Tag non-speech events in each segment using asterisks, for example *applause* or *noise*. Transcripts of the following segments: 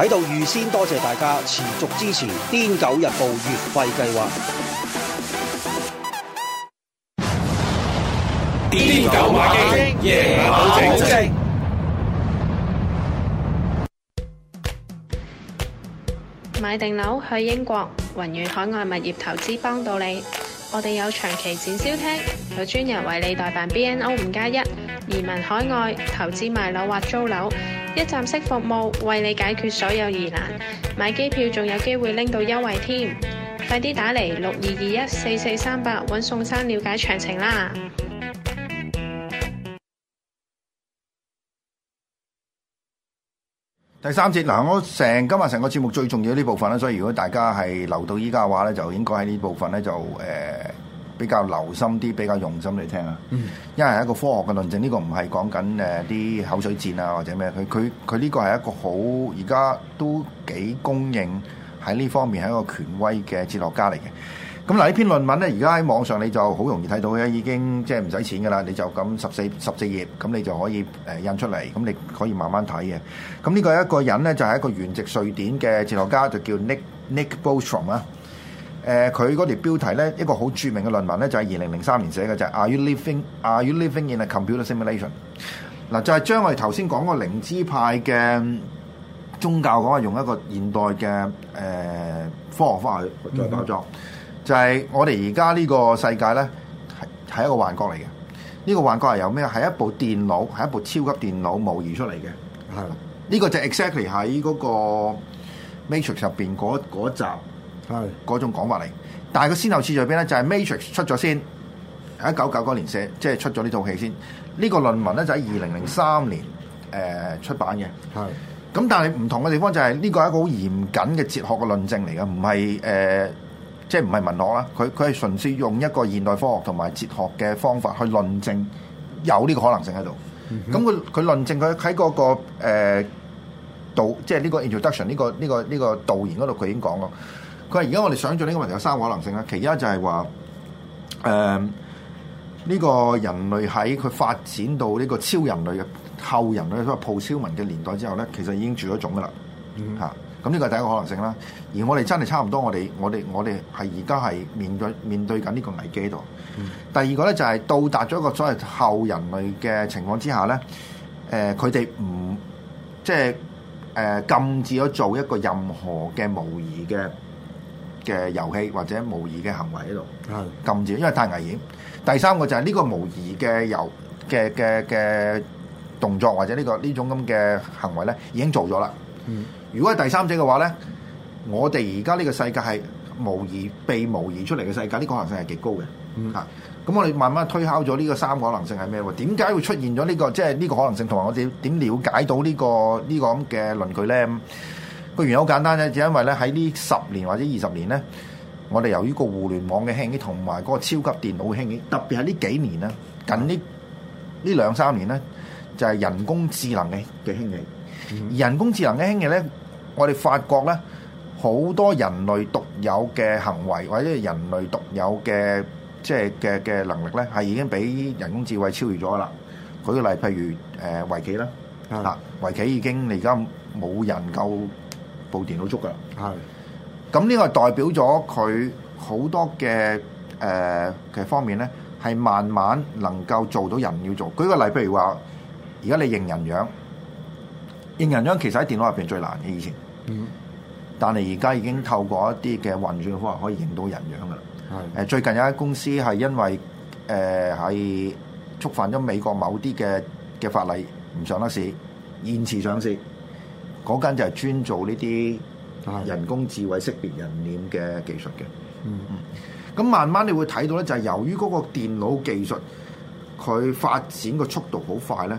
喺度預先多謝大家持續支持《癲狗日報》月費計劃。癲狗買機 Yeah, 買，買定樓去英國，宏遠海外物業投資幫到你。我哋有長期展銷廳，有專人為你代辦 B N O 五加一移民海外投資賣樓或租樓。一站式服務為你解決所有疑難，買機票仲有機會拎到優惠添，快啲打嚟六二二一四四三八揾宋生了解詳情啦。第三節嗱，呃，我成今日成個節目最重要呢部分啦，所以如果大家係留到依家嘅話咧，就應該喺呢部分咧就誒。呃比較留心啲，比較用心嚟聽啊！因為係一個科學嘅論證，呢個唔係講緊誒啲口水戰啊，或者咩？佢佢佢呢個係一個好而家都幾公認喺呢方面係一個權威嘅哲學家嚟嘅。咁嗱，呢篇論文咧，而家喺網上你就好容易睇到嘅，已經即係唔使錢㗎啦。你就咁十四十四頁，咁你就可以誒印出嚟，咁你可以慢慢睇嘅。咁呢個一個人咧，就係一個原籍瑞典嘅哲學家，就叫 Nick Nick Bostrom 啊。誒佢嗰條標題咧，一個好著名嘅論文咧，就係二零零三年寫嘅就係 Are you living Are you living in a computer simulation？嗱，就係將我哋頭先講個靈知派嘅宗教講話用一個現代嘅誒科學方法去再解作，就係我哋而家呢個世界咧係係一個幻覺嚟嘅。呢個幻覺係由咩？係一部電腦，係一部超級電腦模擬出嚟嘅。係啦，呢個就 exactly 喺嗰個 Matrix 入邊嗰一集。係嗰種講法嚟，但係佢先後次序喺邊咧？就係 Matrix 出咗先，喺一九九九年寫，即係出咗呢套戲先。呢、這個論文咧就喺二零零三年誒、呃、出版嘅。係咁，但係唔同嘅地方就係呢個係一個好嚴謹嘅哲學嘅論證嚟嘅，唔係誒，即係唔係文學啦。佢佢係純粹用一個現代科學同埋哲學嘅方法去論證有呢個可能性喺度。咁佢佢論證佢喺嗰個誒導、那個呃，即係呢個 introduction 呢、這個呢、這個呢、這個這個這個導言嗰度，佢已經講過。佢而家我哋想象呢個問題有三個可能性啦，其一就係話，誒、呃、呢、這個人類喺佢發展到呢個超人類嘅後人類，所謂普超文嘅年代之後咧，其實已經絕咗種噶啦，嚇，咁呢個係第一個可能性啦。而我哋真係差唔多我，我哋我哋我哋係而家係面對面對緊呢個危機度。Mm hmm. 第二個咧就係，是，到達咗一個所謂後人類嘅情況之下咧，誒佢哋唔即係誒禁止咗做一個任何嘅模擬嘅。嘅遊戲或者模擬嘅行為喺度，禁止，因為太危險。第三個就係呢個模擬嘅遊嘅嘅嘅動作或者呢個呢種咁嘅行為咧，已經做咗啦。嗯，如果係第三者嘅話咧，我哋而家呢個世界係模擬被模擬出嚟嘅世界，呢個可能性係極高嘅。嗯，嚇，咁我哋慢慢推敲咗呢個三個可能性係咩？點解會出現咗呢個？即係呢個可能性，同埋我哋點了解到呢個呢個咁嘅論據咧？個原因好簡單啫，就因為咧喺呢十年或者二十年咧，我哋由於個互聯網嘅興起同埋嗰個超級電腦嘅興起，特別係呢幾年啦，近呢呢兩三年咧，就係人工智能嘅嘅興起。而人工智能嘅興起咧，我哋發覺咧好多人類獨有嘅行為或者係人類獨有嘅即係嘅嘅能力咧，係已經俾人工智能超越咗啦。舉個例，譬如誒圍棋啦，啊圍棋已經你而家冇人夠。部電腦足噶，係咁呢個代表咗佢好多嘅誒嘅方面咧，係慢慢能夠做到人要做。舉個例，譬如話，而家你認人樣，認人樣其實喺電腦入邊最難嘅，以前，嗯，但係而家已經透過一啲嘅運算方式可以認到人樣噶啦。係誒，最近有間公司係因為誒係觸犯咗美國某啲嘅嘅法例，唔上得市，延遲上市。嗰間就係專做呢啲人工智慧識別人臉嘅技術嘅，嗯嗯，咁慢慢你會睇到咧，就係由於嗰個電腦技術佢發展嘅速度好快咧，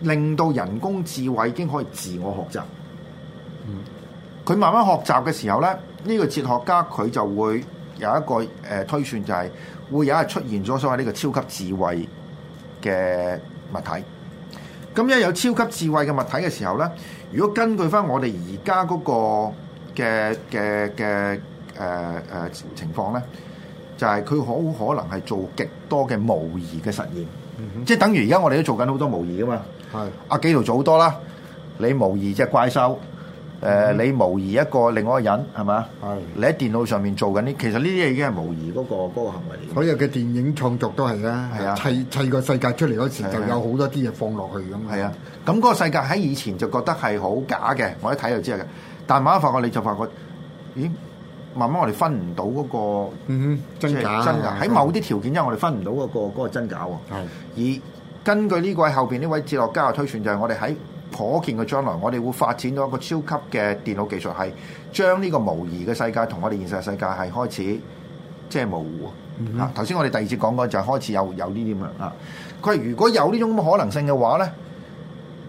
令到人工智慧已經可以自我學習。佢慢慢學習嘅時候咧，呢個哲學家佢就會有一個誒、呃、推算，就係會有一日出現咗所謂呢個超級智慧嘅物體。咁一有超級智慧嘅物體嘅時候咧，如果根據返我哋而家嗰個嘅嘅嘅誒誒情況咧，就係佢好可能係做極多嘅模擬嘅實驗，嗯、哼即係等於而家我哋都做緊好多模擬噶嘛。係的，阿紀陶做好多啦，你模擬隻怪獸。誒，你模擬一個另外一個人係嘛？你喺電腦上面做緊啲，其實呢啲已經係模擬嗰個行為。所有嘅電影創作都係啦，係啊，砌砌個世界出嚟嗰時就有好多啲嘢放落去咁。係啊，咁嗰個世界喺以前就覺得係好假嘅，我一睇就知㗎。但慢慢發覺你就發覺，咦，慢慢我哋分唔到嗰個真假，真㗎。喺某啲條件之下，我哋分唔到嗰個真假喎。而根據呢位後邊呢位哲學家嘅推算，就係我哋喺可見嘅將來，我哋會發展到一個超級嘅電腦技術，係將呢個模擬嘅世界同我哋現實嘅世界係開始即係、就是、模糊。Mm hmm. 啊，頭先我哋第二次講過就係開始有有呢啲咁樣啊。佢、啊、如果有呢種可能性嘅話咧，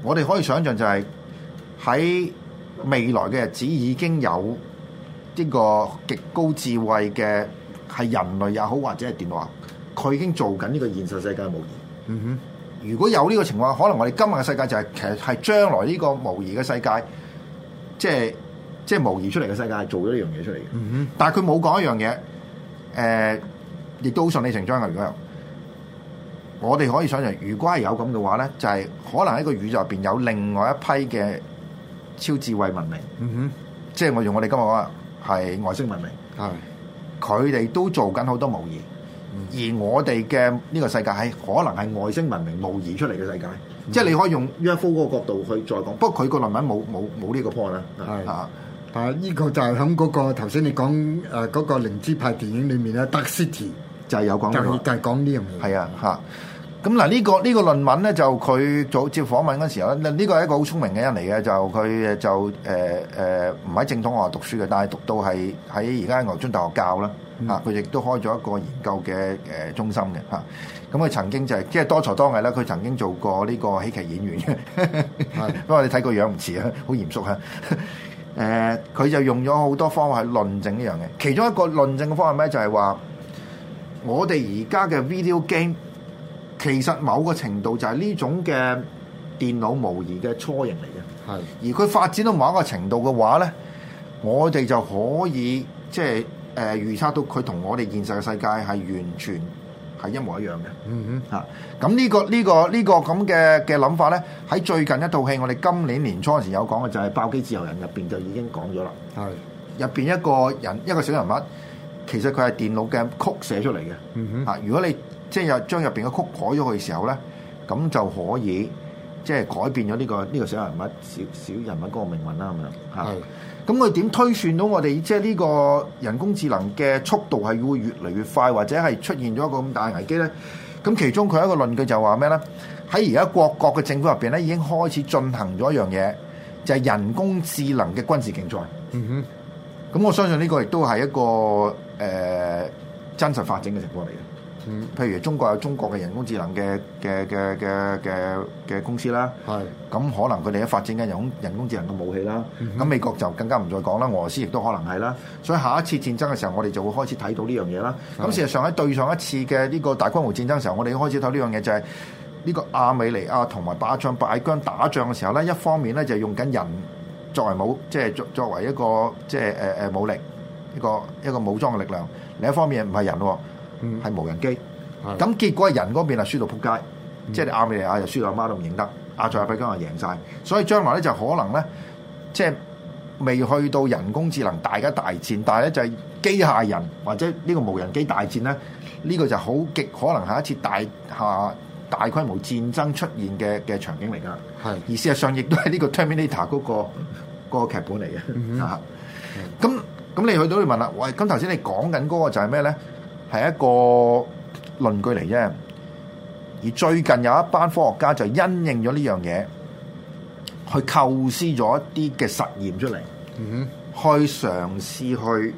我哋可以想象就係、是、喺未來嘅日子已經有呢個極高智慧嘅係人類也好或者係電腦啊，佢已經做緊呢個現實世界模擬。嗯哼、mm。Hmm. 如果有呢個情況，可能我哋今日嘅世界就係、是、其實係將來呢個模擬嘅世界，即係即係模擬出嚟嘅世界係做咗呢樣嘢出嚟嘅、嗯。但係佢冇講一樣嘢，誒、呃，亦都順理成章嘅。如果我哋可以想象，如果係有咁嘅話咧，就係、是、可能喺個宇宙入邊有另外一批嘅超智慧文明，嗯哼，即係我用我哋今日講係外星文明，係佢哋都做緊好多模擬。而我哋嘅呢個世界係可能係外星文明模擬出嚟嘅世界，嗯、即係你可以用 UFO 嗰個角度去再講。不過佢個論文冇冇冇呢個 point 啦，係啊，啊呢個就係喺嗰個頭先你講誒嗰個靈知派電影裡面咧，《Dark City》就就係有講，就係講呢樣嘢，係啊嚇。咁嗱、這個，呢個呢個論文咧就佢做接訪問嗰時候咧，呢個係一個好聰明嘅人嚟嘅，就佢就誒誒唔喺正統學校讀書嘅，但係讀到係喺而家喺牛津大學教啦。啊！佢亦都開咗一個研究嘅誒中心嘅嚇。咁、嗯、佢曾經就係、是、即係多才多藝啦。佢曾經做過呢個喜劇演員嘅， *laughs* 是的 *laughs* 不過你睇個樣唔似啊，好嚴肅啊。誒、 *laughs* 呃，佢就用咗好多方法去論證呢樣嘢。其中一個論證嘅方法咩、就是，就係話我哋而家嘅 video game 其實某個程度就係呢種嘅電腦模擬嘅初型嚟嘅。係。是的 而佢發展到某一個程度嘅話咧，我哋就可以即係。誒、呃，預測到佢同我哋現實嘅世界係完全係一模一樣嘅。嗯哼、mm，嚇、hmm. 啊，咁、這個這個這個、呢個呢個呢個咁嘅嘅諗法咧，喺最近一套戲，我哋今年年初時候有講嘅就係、是《爆機自由人》入邊就已經講咗啦。係、mm，入、hmm. 邊一個人一個小人物，其實佢係電腦嘅曲寫出嚟嘅。嗯哼，啊，如果你即係又將入邊嘅曲改咗嘅時候咧，咁就可以。即係改變咗呢個呢個小人物、小小人物嗰個命運啦咁樣。係。咁佢點推算到我哋即係呢個人工智能嘅速度係會越嚟越快，或者係出現咗一個咁大嘅危機咧？咁其中佢有一個論據就話咩咧？喺而家各國嘅政府入邊咧，已經開始進行咗一樣嘢，就係人工智能嘅軍事競賽。嗯哼。咁我相信呢個亦都係一個誒真實發展嘅情況嚟嘅。譬如中國有中國嘅人工智能嘅嘅嘅嘅嘅嘅公司啦，係咁是可能佢哋喺發展緊人工人工智能嘅武器啦，咁、嗯、哼美國就更加唔再講啦，俄羅斯亦都可能係啦，所以下一次戰爭嘅時候，我哋就會開始睇到呢樣嘢啦。咁是事實上喺對上一次嘅呢個大規模戰爭嘅時候，我哋開始睇呢樣嘢就係、是、呢、這個亞美尼亞同埋阿塞拜疆打仗嘅時候咧，一方面咧就係用緊人作為武，即係作作為一個即係誒誒武力一個一個武裝嘅力量，另一方面唔係人喎。係無人機，咁的結果人嗰邊啊輸到撲街，的即係亞美尼亞又輸到阿媽、媽都唔認得，亞塞拜疆又贏晒。所以將來咧就可能咧，即、就、係、是、未去到人工智能大家大戰，但係咧就係、是、機械人或者呢個無人機大戰咧，呢、這個就好極可能係一次大下大規模戰爭出現嘅嘅場景嚟噶。係的，而事係上亦都係呢個 Terminator 嗰、那個、那個劇本嚟嘅。啊的，咁咁的你去到去問啦，喂，咁頭先你講緊嗰個就係咩咧？係一個論據嚟啫，而最近有一班科學家就因應咗呢樣嘢，去構思咗一啲嘅實驗出嚟，嗯哼，去嘗試去誒、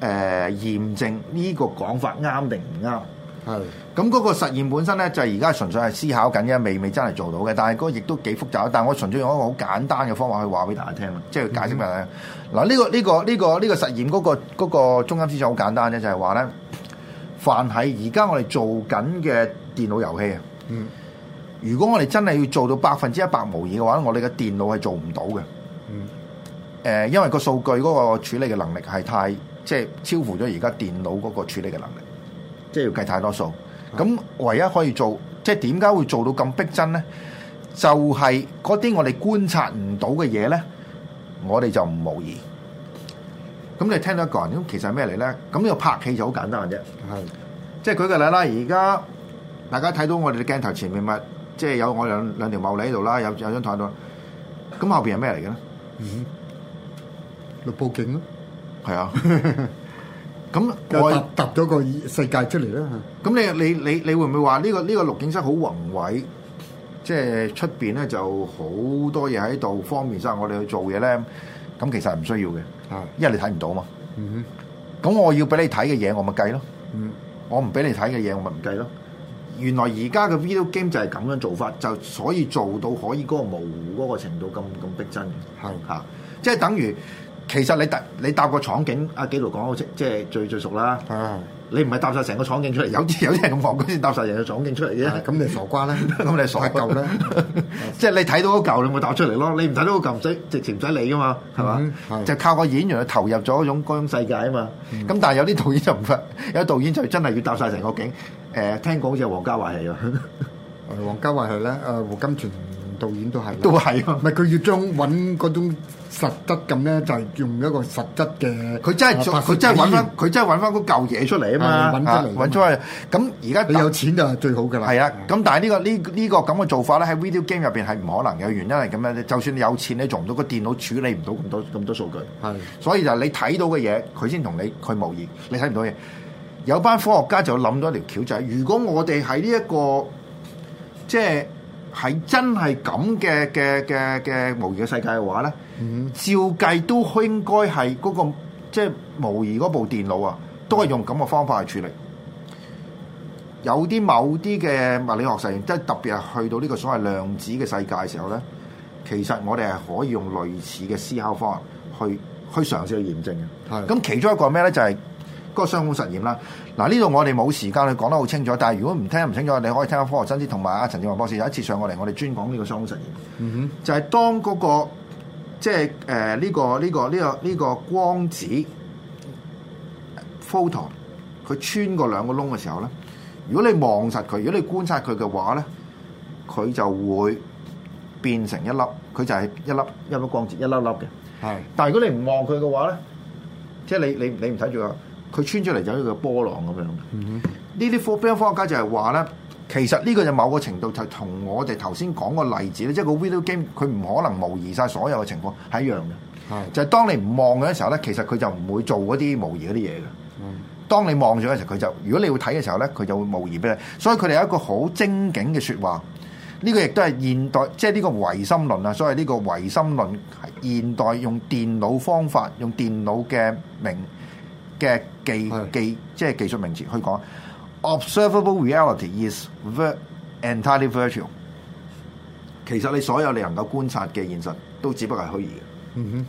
呃、驗證呢個講法啱定唔啱。係，咁嗰個實驗本身咧，就係而家純粹係思考緊嘅，未未真係做到嘅。但係嗰個亦都幾複雜。但係我純粹用一個好簡單嘅方法去話俾大家聽咯，即係解釋俾大家。嗱、嗯嗯，呢個呢個呢個呢個實驗嗰個嗰個中心思想好簡單啫，就係話咧，凡係而家我哋做緊嘅電腦遊戲啊，嗯，嗯，如果我哋真係要做到百分之一百模擬嘅話咧，我哋嘅電腦係做唔到嘅。嗯，嗯。誒、呃，因為個數據嗰個處理嘅能力係太，即係超乎咗而家電腦嗰個處理嘅能力。即係要計太多數，咁唯一可以做，即係點解會做到咁逼真咧？就係嗰啲我哋觀察唔到嘅嘢咧，我哋就唔模擬。咁你聽到一個人，咁其實係咩嚟咧？咁呢個拍戲就好簡單嘅啫，即係舉個例啦。而家大家睇到我哋嘅鏡頭前面咪，即係有我兩兩條茂利喺度啦，有有張台喺度。咁後邊係咩嚟嘅咧？咪報警咯。係啊。咁、嗯、又搭咗個世界出嚟啦。咁你你你你會唔會話呢、呢個呢、呢個錄影室好宏偉？即係出邊咧就好、是、多嘢喺度，方便晒我哋去做嘢咧。咁其實係唔需要嘅，因為你睇唔到嘛。嗯、哼，咁我要俾你睇嘅嘢，我咪計咯。嗯，我唔俾你睇嘅嘢，我咪唔計咯。原來而家嘅 video game 就係咁樣做法，就所以做到可以嗰個模糊嗰個程度咁咁逼真嘅。係啊是，即係、就是、等於。其實你搭你搭個廠景，阿紀陶講好即即係最最熟啦。嗯、你唔係搭晒成個廠景出嚟，有啲有啲人咁狂，佢先搭晒成個廠景出嚟嘅。咁、嗯、你傻瓜咧？咁 *laughs* *laughs* 你傻舊咧？即係你睇到個舊，你咪搭出嚟咯。你唔睇到個舊，唔使直情唔使理噶嘛，係嘛？嗯、就靠個演員去投入咗嗰種嗰種世界啊嘛。咁、嗯嗯、但係有啲導演就唔得，有導演就真係要搭晒成個景。誒、呃，聽講好似係王家衛戲㗎。王 *laughs* 家衛係咧，誒胡金銓。導演都係，都係，唔係佢要將揾嗰種實質咁咧，就係用一個實質嘅、啊。佢真係做，佢真係揾翻，佢真係揾翻嗰舊嘢出嚟啊嘛！揾出嚟，揾出嚟。咁而家你有錢就最好噶啦。係啊。咁但係呢、呢個呢呢、呢個咁嘅做法咧，喺 video game 入邊係唔可能嘅，原因係咁樣咧。就算你有錢，你做唔到，個電腦處理唔到咁多咁多數據。係。是的 所以就係你睇到嘅嘢，佢先同你佢模擬，你睇唔到嘢。有班科學家就諗咗一條橋，就係如果我哋喺呢一個即係。係真係咁嘅嘅嘅嘅模擬嘅世界嘅話咧，mm hmm. 照計都應該係嗰、那個即係、就是、模擬嗰部電腦啊，都係用咁嘅方法去處理。有啲某啲嘅物理學實驗，即係特別係去到呢個所謂量子嘅世界嘅時候咧，其實我哋係可以用類似嘅思考方法去去嘗試去驗證嘅。係、mm，咁、hmm. 其中一個咩咧就係、是。個雙孔實驗啦，嗱，呢度我哋冇時間去講得好清楚，但係如果唔聽唔清楚，你可以聽下科學真知同埋阿陳志華博士有一次上過嚟，我哋專講呢個雙孔實驗。嗯哼，就係當嗰個即係誒呢個呢個呢個呢個光子 photon，佢穿過兩個窿嘅時候咧，如果你望實佢，如果你觀察佢嘅話咧，佢就會變成一粒，佢就係一粒一粒光子一粒粒嘅。係，但係如果你唔望佢嘅話咧，即係你你你唔睇住佢。佢穿出嚟就呢個波浪咁樣呢啲科，比如科學家就係話咧，其實呢個就某個程度就同我哋頭先講個例子咧，即係個 video game，佢唔可能模擬晒所有嘅情況係一樣嘅，係就係當你唔望嘅時候咧，其實佢就唔會做嗰啲模擬嗰啲嘢嘅。嗯、當你望咗嘅時候，佢就如果你要睇嘅時候咧，佢就會模擬俾你。所以佢哋有一個好精警嘅説話，呢個亦都係現代，即係呢個唯心論啊。所謂呢個唯心論現代用電腦方法，用電腦嘅名。嘅技技是的 即係技術名詞可以講是的，Observable reality is entirely virtual。其實你所有你能夠觀察嘅現實都只不過係虛擬嘅。嗯哼，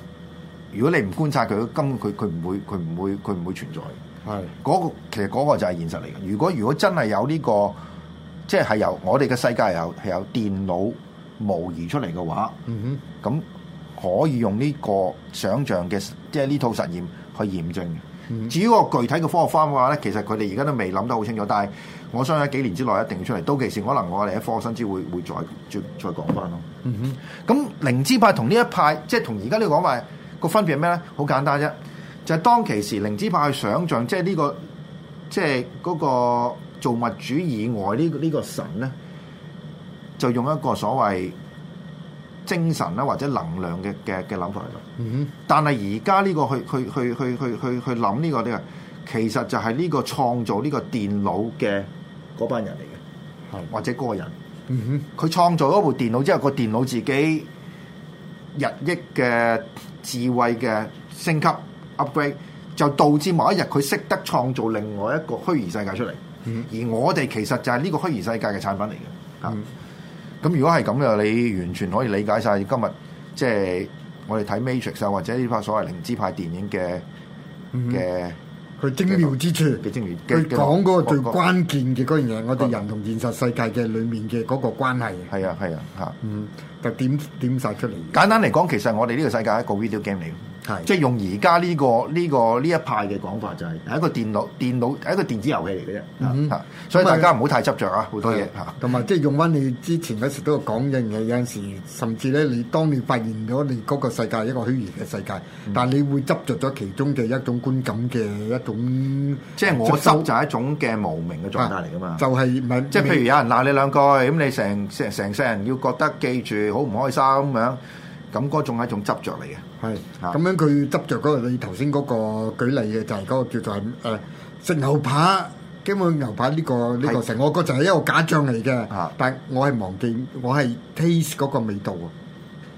如果你唔觀察佢，根本佢佢唔會佢唔會佢唔會存在嘅。係嗰個其實嗰個就係現實嚟嘅。如果如果真係有呢、這個，即係係由我哋嘅世界有係有電腦模擬出嚟嘅話，嗯哼，咁可以用呢個想像嘅即係呢套實驗去驗證。至於個具體嘅科學方嘅話咧，其實佢哋而家都未諗得好清楚，但係我相信喺幾年之內一定要出嚟。到期時可能我哋科學甚至會會再再再講翻咯。嗯哼，咁靈知派同呢一派，即係同而家呢個講法個分別係咩咧？好簡單啫，就係、是、當其時靈知派去想象、這個，即係呢個即係嗰個造物主以外呢呢個神咧，就用一個所謂。精神啦，或者能量嘅嘅嘅諗法嚟嘅，嗯哼。但係而家呢個去去去去去去去諗呢個呢個，其實就係呢個創造呢個電腦嘅嗰班人嚟嘅，係或者嗰個人，嗯哼。佢創造咗部電腦之後，個電腦自己日益嘅智慧嘅升級 upgrade，就導致某一日佢識得創造另外一個虛擬世界出嚟，嗯哼。而我哋其實就係呢個虛擬世界嘅產品嚟嘅，啊、嗯。嗯咁如果係咁嘅，你完全可以理解晒。今日即係我哋睇 Matrix 啊，或者呢批所謂靈知派電影嘅嘅佢精妙之處，佢講嗰個最關鍵嘅嗰樣嘢，啊、我哋人同現實世界嘅裡面嘅嗰個關係。係啊係啊嚇。嗯，就點點曬出嚟？簡單嚟講，其實我哋呢個世界係一個 video game 嚟。即係用而家呢個呢個呢一派嘅講法就係，係一個電腦電腦係一個電子遊戲嚟嘅啫。嗯，所以大家唔好太執着啊，好多嘢嚇。同埋即係用翻你之前嗰時都有講嘅嘢，有陣時甚至咧，你當你發現咗你嗰個世界一個虛擬嘅世界，但係你會執着咗其中嘅一種觀感嘅一種，即係我執就係一種嘅無明嘅狀態嚟㗎嘛。就係唔係？即係譬如有人鬧你兩句，咁你成成成世人要覺得記住，好唔開心咁樣。咁嗰種係一種執着嚟嘅，係咁是、啊、樣佢執着嗰個，你頭先嗰個舉例嘅就係嗰個叫做誒、呃、食牛扒，基本牛扒呢、這個呢是個成個，我覺得就係一個假象嚟嘅，啊、但係我係忘記我係 taste 嗰個味道喎、啊。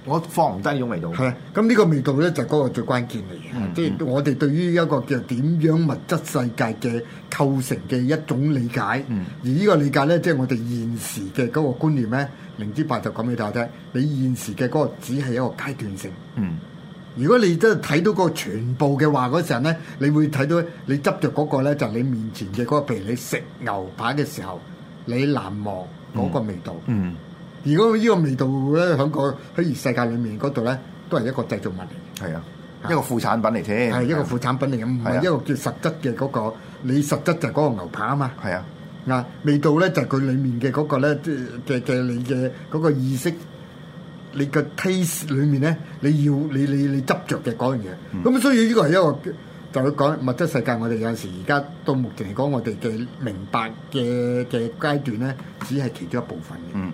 我放唔低呢種味道，係咁呢個味道咧就係嗰個最關鍵嚟嘅，即係、嗯嗯、我哋對於一個叫點樣物質世界嘅構成嘅一種理解。嗯、而呢個理解咧，即、就、係、是、我哋現時嘅嗰個觀念咧，明之八就講俾大家聽。你現時嘅嗰個只係一個階段性。嗯。如果你真係睇到個全部嘅話，嗰時候咧，你會睇到你執着嗰個咧，就你面前嘅嗰、那個，譬如你食牛排嘅時候，你難忘嗰個味道。嗯。嗯嗯。如果呢個味道咧喺個虛擬世界裏面嗰度咧，都係一個製造物嚟，係啊，啊一個副產品嚟啫。係一個副產品嚟嘅，唔係一個叫實質嘅嗰、嗰個。你實質就係嗰個牛扒啊嘛，係啊，嗱、啊，味道咧就佢、係、裡面嘅嗰個咧，嘅嘅你嘅嗰個意識，你嘅 taste 裏面咧，你要你你你執着嘅嗰樣嘢。咁、嗯、所以呢個係一個，就去講物質世界。我哋有陣時而家到目前嚟講，我哋嘅明白嘅嘅階段咧，只係其中一部分嘅。嗯。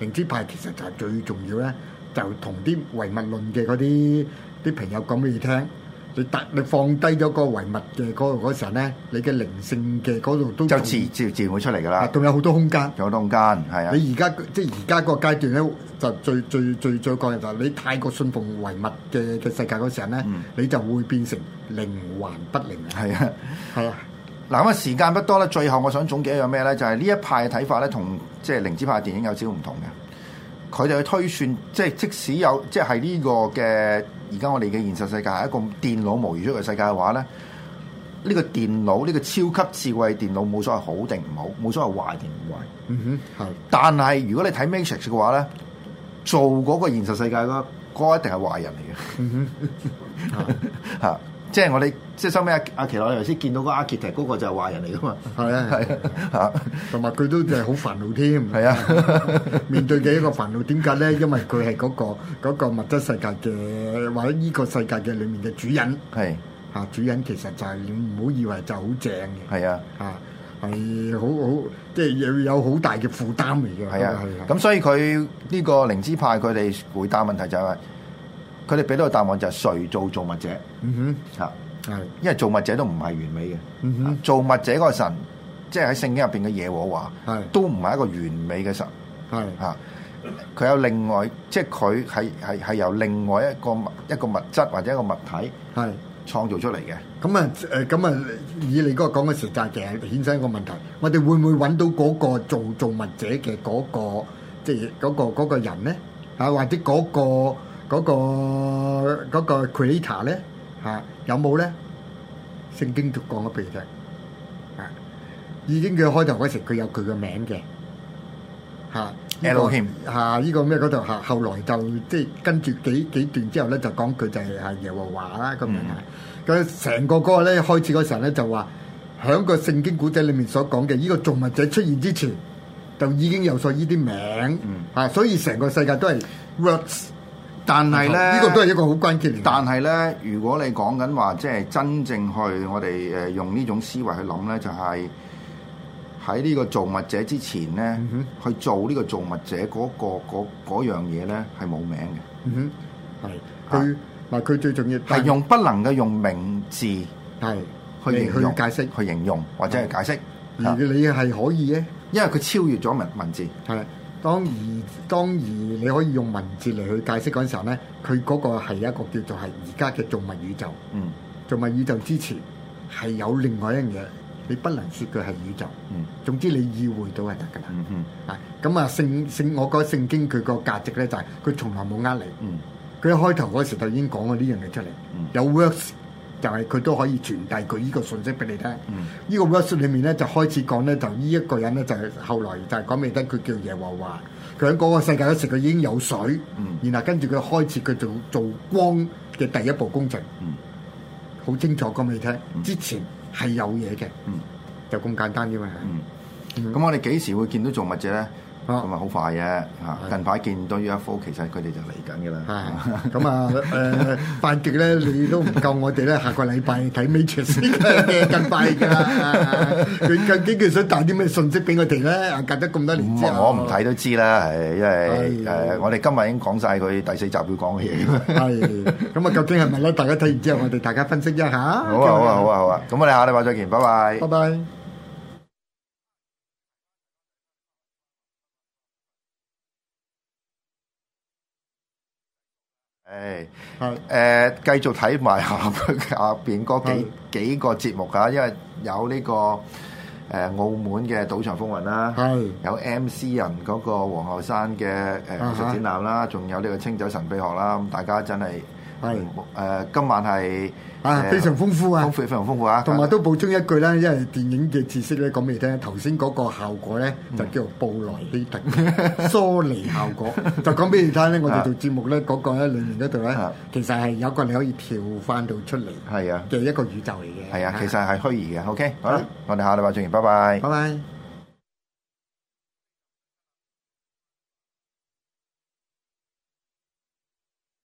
靈知派其實就係最重要咧，就同啲唯物論嘅嗰啲啲朋友講俾你聽，你突你放低咗個唯物嘅嗰個時候陣咧，你嘅靈性嘅嗰度都就自自自然會出嚟噶啦，仲有好多空間，仲有空間，係啊！你而家即係而家嗰個階段咧，就最最最最重要就係你太過信奉唯物嘅嘅世界嗰時候咧，嗯、你就會變成靈幻不靈，係啊，係啊。嗱咁啊，時間不多啦，最後我想總結一樣咩咧？就係、是、呢一派嘅睇法咧，同即係靈知派嘅電影有少少唔同嘅。佢哋去推算，即係即使有，即係呢個嘅而家我哋嘅現實世界係一個電腦模擬咗嚟世界嘅話咧，呢、這個電腦呢、這個超級智慧電腦冇所謂好定唔好，冇所謂壞定唔壞。哼、mm，hmm. 但係如果你睇 Matrix 嘅話咧，做嗰個現實世界嗰、那個一定係壞人嚟嘅。嚇！即係我哋，即係收尾阿阿奇萊頭先見到個阿杰提，嗰個就係壞人嚟噶嘛？係啊，係嚇，同埋佢都係好煩惱添。係啊，面對嘅一個煩惱，點解咧？因為佢係嗰個嗰個物質世界嘅或者呢個世界嘅裡面嘅主人。係嚇，主人其實就係你唔好以為就好正嘅。係啊，嚇係好好，即係要有好大嘅負擔嚟嘅。係啊係啊。咁所以佢呢個靈知派佢哋回答問題就係。佢哋俾到個答案就係誰做造物者？嚇，因為造物者都唔係完美嘅。造物者嗰個神，即係喺聖經入邊嘅耶和華，都唔係一個完美嘅神。係嚇，佢有另外，即係佢係係係由另外一個物一個物質或者一個物體係創造出嚟嘅。咁啊誒，咁啊，以你嗰個講嘅時陣，就係衍生一個問題：我哋會唔會揾到嗰個造造物者嘅嗰個即係嗰個嗰個人咧？嚇，或者嗰個？嗰個嗰個 Creator 咧，嚇，有冇咧？聖經都講咗俾你聽，啊，已經佢開頭嗰時佢有佢、啊 Elohim 這個名嘅嚇，亞、啊、當，嚇、這、依個咩嗰度嚇，後來就即係跟住幾幾段之後咧就講佢就係耶和華啦、mm. 個名，佢成個嗰個咧開始嗰陣咧就話，喺個聖經古仔裡面所講嘅呢個造物者出現之前，就已經有所依啲名，嚇、啊，所以成個世界都係 roots。但係咧，呢個都係一個好關鍵。但係咧，如果你講緊話，即係真正去我哋誒用呢種思維去諗咧，就係喺呢個造物者之前咧，嗯哼，去做呢個造物者嗰個嗰嗰樣嘢咧，係冇名嘅。嗯哼，係佢，嗱佢最重要係用不能夠用名字係嚟去解釋、去形容或者係解釋，而你係可以咧，因為佢超越咗文文字係。當而當而你可以用文字嚟去解釋嗰陣時候咧，佢嗰個係一個叫做係而家嘅造物宇宙，嗯、造物宇宙之前係有另外一樣嘢，你不能説佢係宇宙。嗯、總之你意會到係得㗎啦。嗯嗯、啊，咁啊聖聖我覺得聖經佢個價值咧就係、是、佢從來冇呃你。佢、嗯、一開頭嗰時就已經講過呢樣嘢出嚟，嗯、有 works。就係佢都可以傳遞佢、嗯、呢個信息俾你聽。依個 w h 裏面咧就開始講咧，就呢一個人咧就係後來就講俾你聽，佢叫耶和華。佢喺嗰個世界嗰時佢已經有水，嗯、然後跟住佢開始佢做做光嘅第一步工程。好、嗯、清楚講俾你聽，嗯、之前係有嘢嘅，就咁簡單啫嘛。咁我哋幾時會見到造物者咧？咁啊，好快嘅嚇！近排見到 UFO 其實佢哋就嚟緊嘅啦。咁啊，誒範極咧，你都唔夠我哋咧。下個禮拜睇 Matrix 先，近排嘅。佢究竟佢想帶啲咩信息俾我哋咧？隔咗咁多年之後，我唔睇都知啦，係因為誒，我哋今日已經講晒佢第四集要講嘅嘢。係，咁啊，究竟係咪咧？大家睇完之後，我哋大家分析一下。好啊，好啊，好啊，好啊！咁我哋下禮拜再見，拜拜。拜拜。誒，誒，Hey, Hey. uh, 繼續睇埋下邊 Hey. 幾 Hey. 幾個節目啊，因為有呢、這個誒、呃、澳門嘅賭場風雲啦，係 Hey. 有 M C 人個黃浩山嘅誒美食展覽啦，仲、呃、Hey. 有呢個清酒神秘學啦，咁大家真係～係誒，今晚係啊，非常豐富啊，啊，非常豐富啊，同埋都補充一句啦，因為電影嘅知識咧，講俾你聽。頭先嗰個效果咧，就叫做布萊希特疏離、嗯、 *laughs* 效果， *laughs* 就講俾你聽咧。我哋做節目咧，嗰個喺裏面嗰度咧，其實係有個你可以跳翻到出嚟，係啊，嘅一個宇宙嚟嘅，係啊，啊，其實係虛擬嘅。啊、OK，好啦，啊、我哋下禮拜再見，拜拜，拜拜。